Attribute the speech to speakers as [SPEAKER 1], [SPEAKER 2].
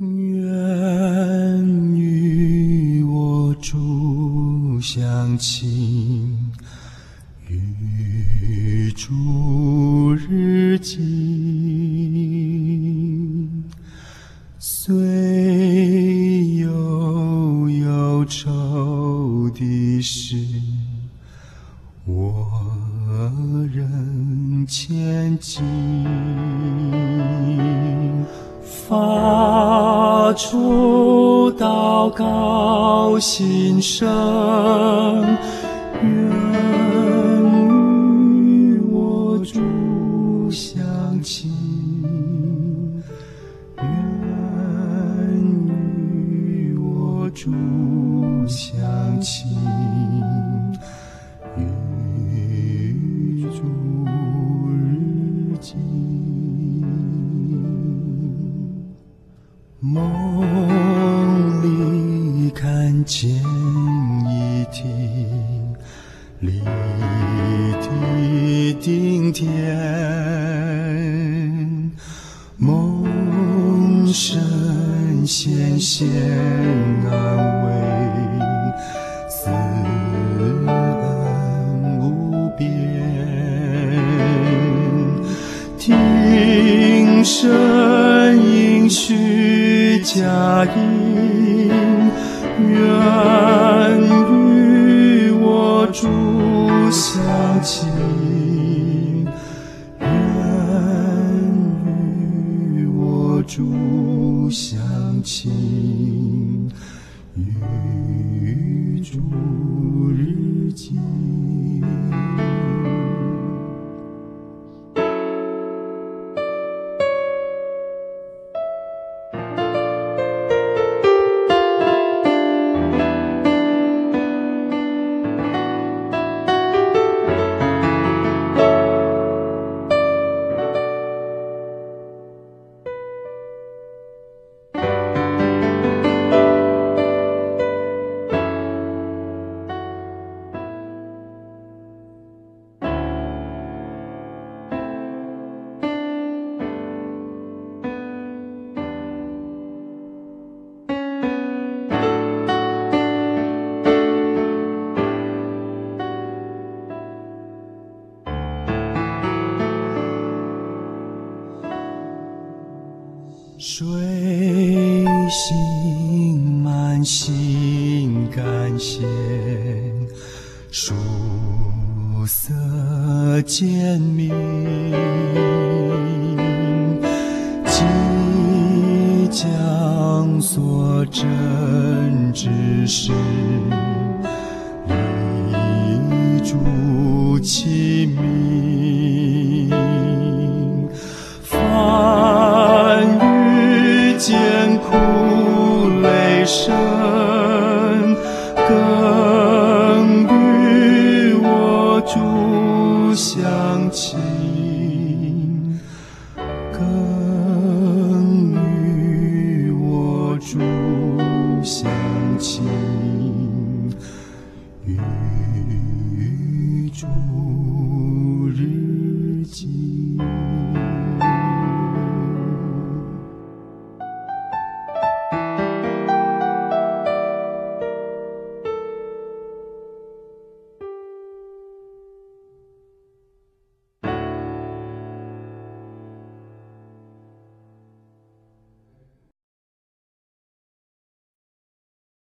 [SPEAKER 1] 願與我主相親，與主日近，雖有憂愁的事，我仍前進。發出、啊、禱告心聲，願與我主相親，願與我主相親。夢裡看見一梯立地頂天，蒙神顯現，仙，仙安慰，賜恩無邊，聽神應許，佳音，願與我主相親，願與我主相親，與主日近。睡醒滿心感謝，曙色漸明。即將所枕之石，立柱起名。更與我主相親，更與我主相親，與主日近。